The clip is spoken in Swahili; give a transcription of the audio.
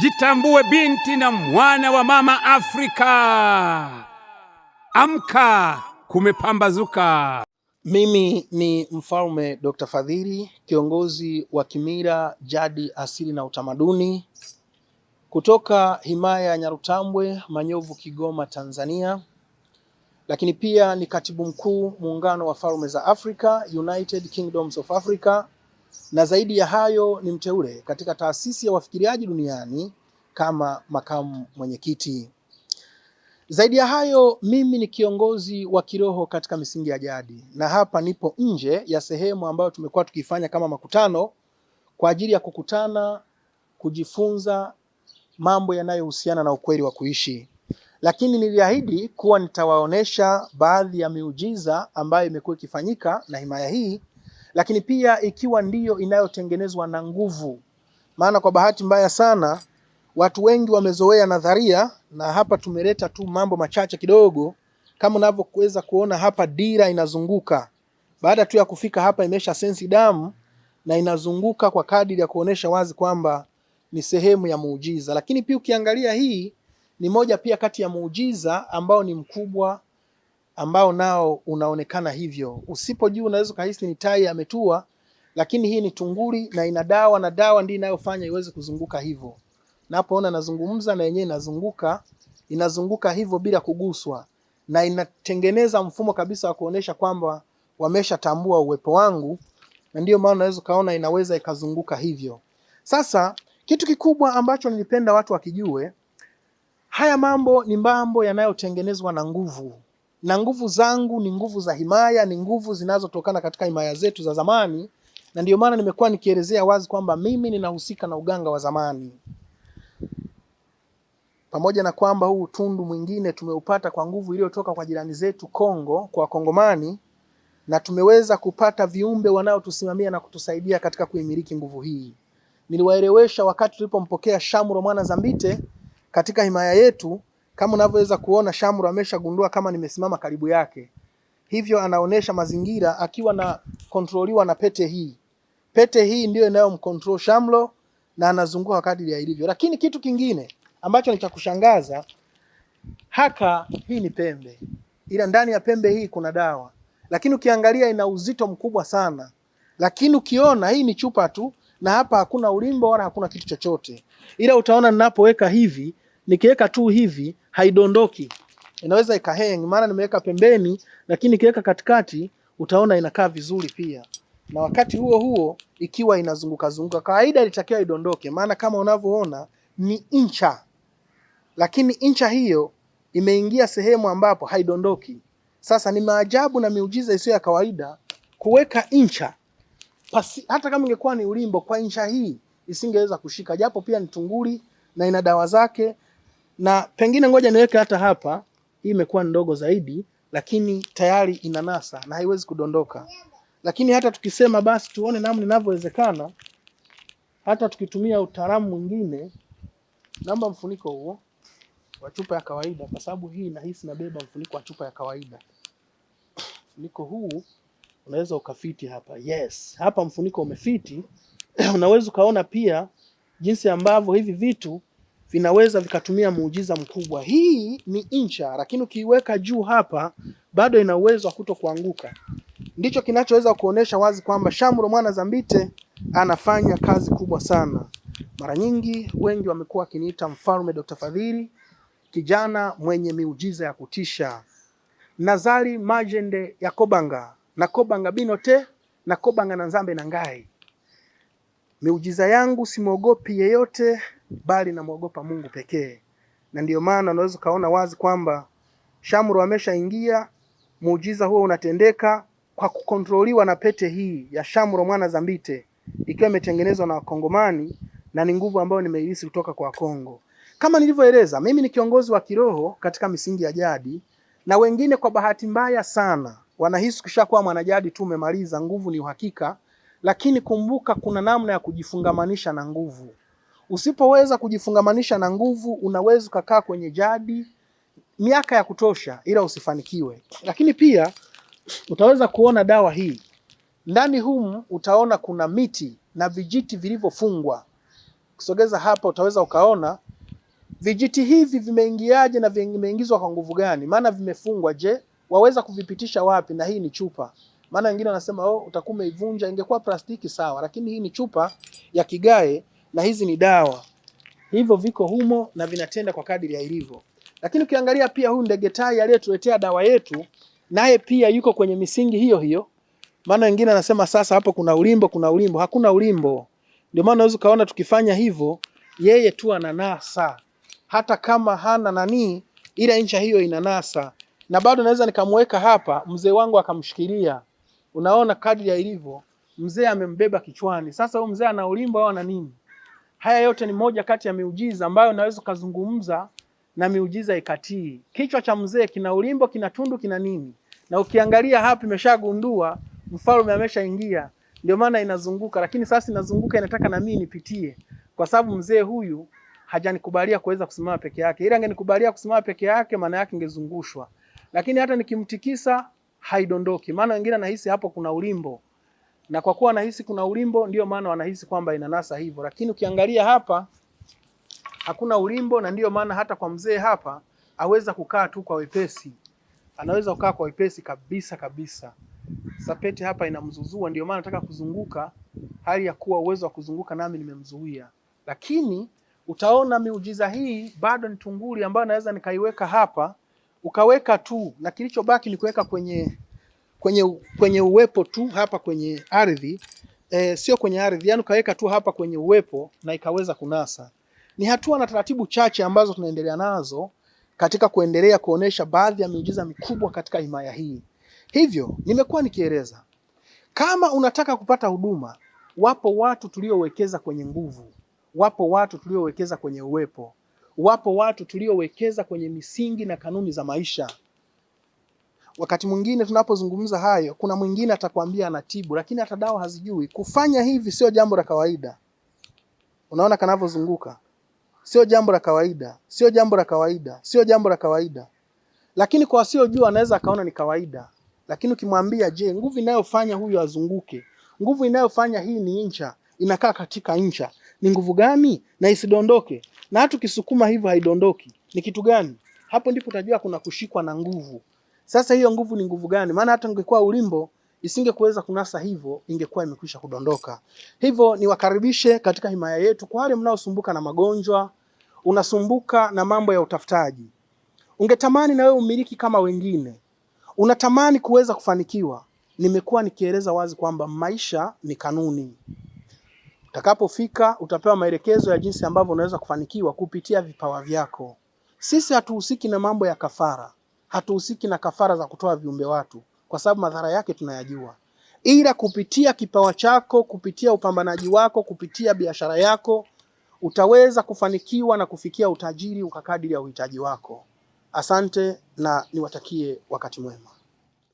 Jitambue binti na mwana wa mama Afrika. Amka, kumepambazuka. Mimi ni Mfalme Dr. Fadhili, kiongozi wa Kimila, Jadi Asili na Utamaduni kutoka Himaya ya Nyarutambwe, Manyovu, Kigoma, Tanzania. Lakini pia ni katibu mkuu Muungano wa Falme za Afrika, United Kingdoms of Africa na zaidi ya hayo ni mteule katika taasisi ya wafikiriaji duniani kama makamu mwenyekiti. Zaidi ya hayo, mimi ni kiongozi wa kiroho katika misingi ya jadi, na hapa nipo nje ya sehemu ambayo tumekuwa tukifanya kama makutano kwa ajili ya kukutana, kujifunza mambo yanayohusiana na ukweli wa kuishi, lakini niliahidi kuwa nitawaonesha baadhi ya miujiza ambayo imekuwa ikifanyika na himaya hii lakini pia ikiwa ndiyo inayotengenezwa na nguvu. Maana kwa bahati mbaya sana watu wengi wamezoea nadharia, na hapa tumeleta tu mambo machache kidogo, kama unavyoweza kuona hapa, dira inazunguka baada tu ya kufika hapa, imesha sensi damu na inazunguka kwa kadiri ya kuonesha wazi kwamba ni sehemu ya muujiza. Lakini pia ukiangalia hii ni moja pia kati ya muujiza ambao ni mkubwa ambao nao unaonekana hivyo. Usipojua unaweza ukahisi ni tai ametua, lakini hii ni tunguri na ina dawa, na dawa ndio inayofanya iweze kuzunguka hivyo. Napoona nazungumza na yenyewe inazunguka, inazunguka hivyo bila kuguswa, na inatengeneza mfumo kabisa wa kuonesha kwamba wameshatambua uwepo wangu, na ndio maana unaweza ukaona inaweza ikazunguka hivyo. Sasa kitu kikubwa ambacho nilipenda watu wakijue, haya mambo ni mambo yanayotengenezwa na nguvu na nguvu zangu ni nguvu za himaya, ni nguvu zinazotokana katika himaya zetu za zamani, na ndio maana nimekuwa nikielezea wazi kwamba mimi ninahusika na uganga wa zamani, pamoja na kwamba huu utundu mwingine tumeupata kwa nguvu iliyotoka kwa jirani zetu Kongo, kwa Kongomani, na tumeweza kupata viumbe wanaotusimamia na kutusaidia katika kuimiliki nguvu hii. Niliwaelewesha wakati tulipompokea Shamro mwana Zambite katika himaya yetu kama unavyoweza kuona, Shamru ameshagundua kama nimesimama karibu yake, hivyo anaonesha mazingira akiwa na kontroliwa na pete hii. Pete hii ndiyo inayomcontrol Shamro na anazunguka kadri ya ilivyo. Lakini kitu kingine ambacho ni cha kushangaza, haka hii ni pembe, ila ndani ya pembe hii kuna dawa, lakini ukiangalia ina uzito mkubwa sana, lakini ukiona hii ni chupa tu na hapa hakuna ulimbo wala hakuna kitu chochote, ila utaona ninapoweka hivi, nikiweka tu hivi haidondoki, inaweza ikahang. Maana nimeweka pembeni, lakini ikiweka katikati utaona inakaa vizuri pia, na wakati huo huo ikiwa inazunguka zunguka. Kawaida ilitakiwa idondoke, maana kama unavyoona ni incha, lakini incha hiyo imeingia sehemu ambapo haidondoki. Sasa ni maajabu na miujiza isiyo ya kawaida kuweka incha pasi, hata kama ingekuwa ni ulimbo kwa incha hii isingeweza kushika, japo pia ni tunguli na ina dawa zake na pengine ngoja niweke hata hapa, hii imekuwa ndogo zaidi, lakini tayari inanasa na haiwezi kudondoka. Lakini hata tukisema basi tuone namna inavyowezekana, hata tukitumia utaalamu mwingine, namba mfuniko huo wa chupa ya kawaida, kwa sababu hii nahisi nabeba mfuniko wa chupa ya kawaida. Mfuniko huu unaweza ukafiti hapa. Yes, hapa mfuniko umefiti. Unaweza ukaona pia jinsi ambavyo hivi vitu vinaweza vikatumia muujiza mkubwa. Hii ni ncha, lakini ukiiweka juu hapa bado ina uwezo wa kuto kuanguka. Ndicho kinachoweza kuonesha wazi kwamba Shamro mwana Zambite anafanya kazi kubwa sana. Mara nyingi wengi wamekuwa wakiniita Mfalme Dr. Fadhili, kijana mwenye miujiza ya kutisha. Nazali Majende ya Kobanga na Kobanga Binote na Kobanga na Nzambe na Ngai Miujiza yangu simwogopi yeyote, bali namwogopa Mungu pekee. Na ndiyo maana unaweza ukaona wazi kwamba Shamru ameshaingia, muujiza huo unatendeka kwa kukontroliwa na pete hii ya Shamro mwana Zambite, ikiwa imetengenezwa na Wakongomani na ni nguvu ambayo nimeihisi kutoka kwa Kongo. Kama nilivyoeleza, mimi ni kiongozi wa kiroho katika misingi ya jadi, na wengine kwa bahati mbaya sana wanahisi kisha kuwa mwanajadi tu umemaliza, nguvu ni uhakika lakini kumbuka kuna namna ya kujifungamanisha na nguvu. Usipoweza kujifungamanisha na nguvu, unaweza ukakaa kwenye jadi miaka ya kutosha, ila usifanikiwe. Lakini pia utaweza kuona dawa hii ndani humu, utaona kuna miti na vijiti vilivyofungwa. kusogeza hapa, utaweza ukaona vijiti hivi vimeingiaje na vimeingizwa kwa nguvu gani? Maana vimefungwa. Je, waweza kuvipitisha wapi? Na hii ni chupa. Maana wengine wanasema oh, utakuwa umeivunja. Ingekuwa plastiki sawa, lakini hii ni chupa ya kigae na hizi ni dawa, hivyo viko humo na vinatenda kwa kadiri ya ilivyo. Lakini ukiangalia pia huyu ndege tai aliyetuletea dawa yetu, naye pia yuko kwenye misingi hiyo hiyo. Maana wengine anasema sasa hapo kuna ulimbo, kuna ulimbo. Hakuna ulimbo. Ndio maana unaweza kaona tukifanya hivyo, yeye tu ananasa, hata kama hana nani, ila ncha hiyo inanasa, na bado naweza nikamweka hapa, mzee wangu akamshikilia. Unaona kadri ya ilivyo, mzee amembeba kichwani. Sasa huyu mzee ana ulimbo au ana nini? Haya yote ni moja kati ya miujiza ambayo unaweza ukazungumza na miujiza ikatii. Kichwa cha mzee kina ulimbo, kina tundu, kina nini, na ukiangalia hapa imeshagundua mfalme ameshaingia, ndio maana inazunguka. Lakini sasa inazunguka, inataka na mimi nipitie, kwa sababu mzee huyu hajanikubalia kuweza kusimama peke yake. Ila angenikubalia kusimama peke yake, maana yake ingezungushwa. Lakini hata nikimtikisa haidondoki. Maana wengine anahisi hapo kuna ulimbo, na kwa kuwa anahisi kuna ulimbo, ndio maana wanahisi kwamba inanasa hivyo, lakini ukiangalia hapa hakuna ulimbo, na ndio maana hata kwa mzee hapa aweza kukaa tu kwa wepesi, anaweza kukaa kwa wepesi kabisa kabisa. Sapeti hapa inamzuzua, ndio maana nataka kuzunguka, hali ya kuwa uwezo wa kuzunguka nami nimemzuia, lakini utaona miujiza hii bado ni tunguli ambayo naweza nikaiweka hapa ukaweka tu, na kilichobaki ni kuweka kwenye, kwenye, kwenye uwepo tu hapa kwenye ardhi e, sio kwenye ardhi, yani ukaweka tu hapa kwenye uwepo na ikaweza kunasa. Ni hatua na taratibu chache ambazo tunaendelea nazo katika kuendelea kuonesha baadhi ya miujiza mikubwa katika himaya hii. Hivyo nimekuwa nikieleza kama unataka kupata huduma, wapo watu tuliowekeza kwenye nguvu, wapo watu tuliowekeza kwenye uwepo. Wapo watu tuliowekeza kwenye misingi na kanuni za maisha. Wakati mwingine tunapozungumza hayo, kuna mwingine atakwambia anatibu, lakini hata dawa hazijui. Kufanya hivi sio jambo la kawaida. Unaona kanavyozunguka, sio jambo la kawaida, sio jambo la kawaida, sio jambo la kawaida. Lakini kwa wasiojua anaweza akaona ni kawaida, lakini ukimwambia, je, nguvu inayofanya huyu azunguke, nguvu inayofanya hii ni ncha, inakaa katika ncha, ni nguvu gani na isidondoke? na hata ukisukuma hivyo haidondoki. Ni kitu gani? Hapo ndipo utajua kuna kushikwa na nguvu. Sasa hiyo nguvu ni nguvu gani? Maana hata ungekuwa ulimbo isingekuweza kunasa hivyo, ingekuwa imekwisha kudondoka. Hivyo niwakaribishe katika himaya yetu, kwa wale mnaosumbuka na magonjwa, unasumbuka na mambo ya utafutaji, ungetamani na wewe umiliki kama wengine, unatamani kuweza kufanikiwa. Nimekuwa nikieleza wazi kwamba maisha ni kanuni. Utakapofika utapewa maelekezo ya jinsi ambavyo unaweza kufanikiwa kupitia vipawa vyako. Sisi hatuhusiki na mambo ya kafara, hatuhusiki na kafara za kutoa viumbe watu, kwa sababu madhara yake tunayajua, ila kupitia kipawa chako, kupitia upambanaji wako, kupitia biashara yako utaweza kufanikiwa na kufikia utajiri ukakadiri ya uhitaji wako. Asante na niwatakie wakati mwema.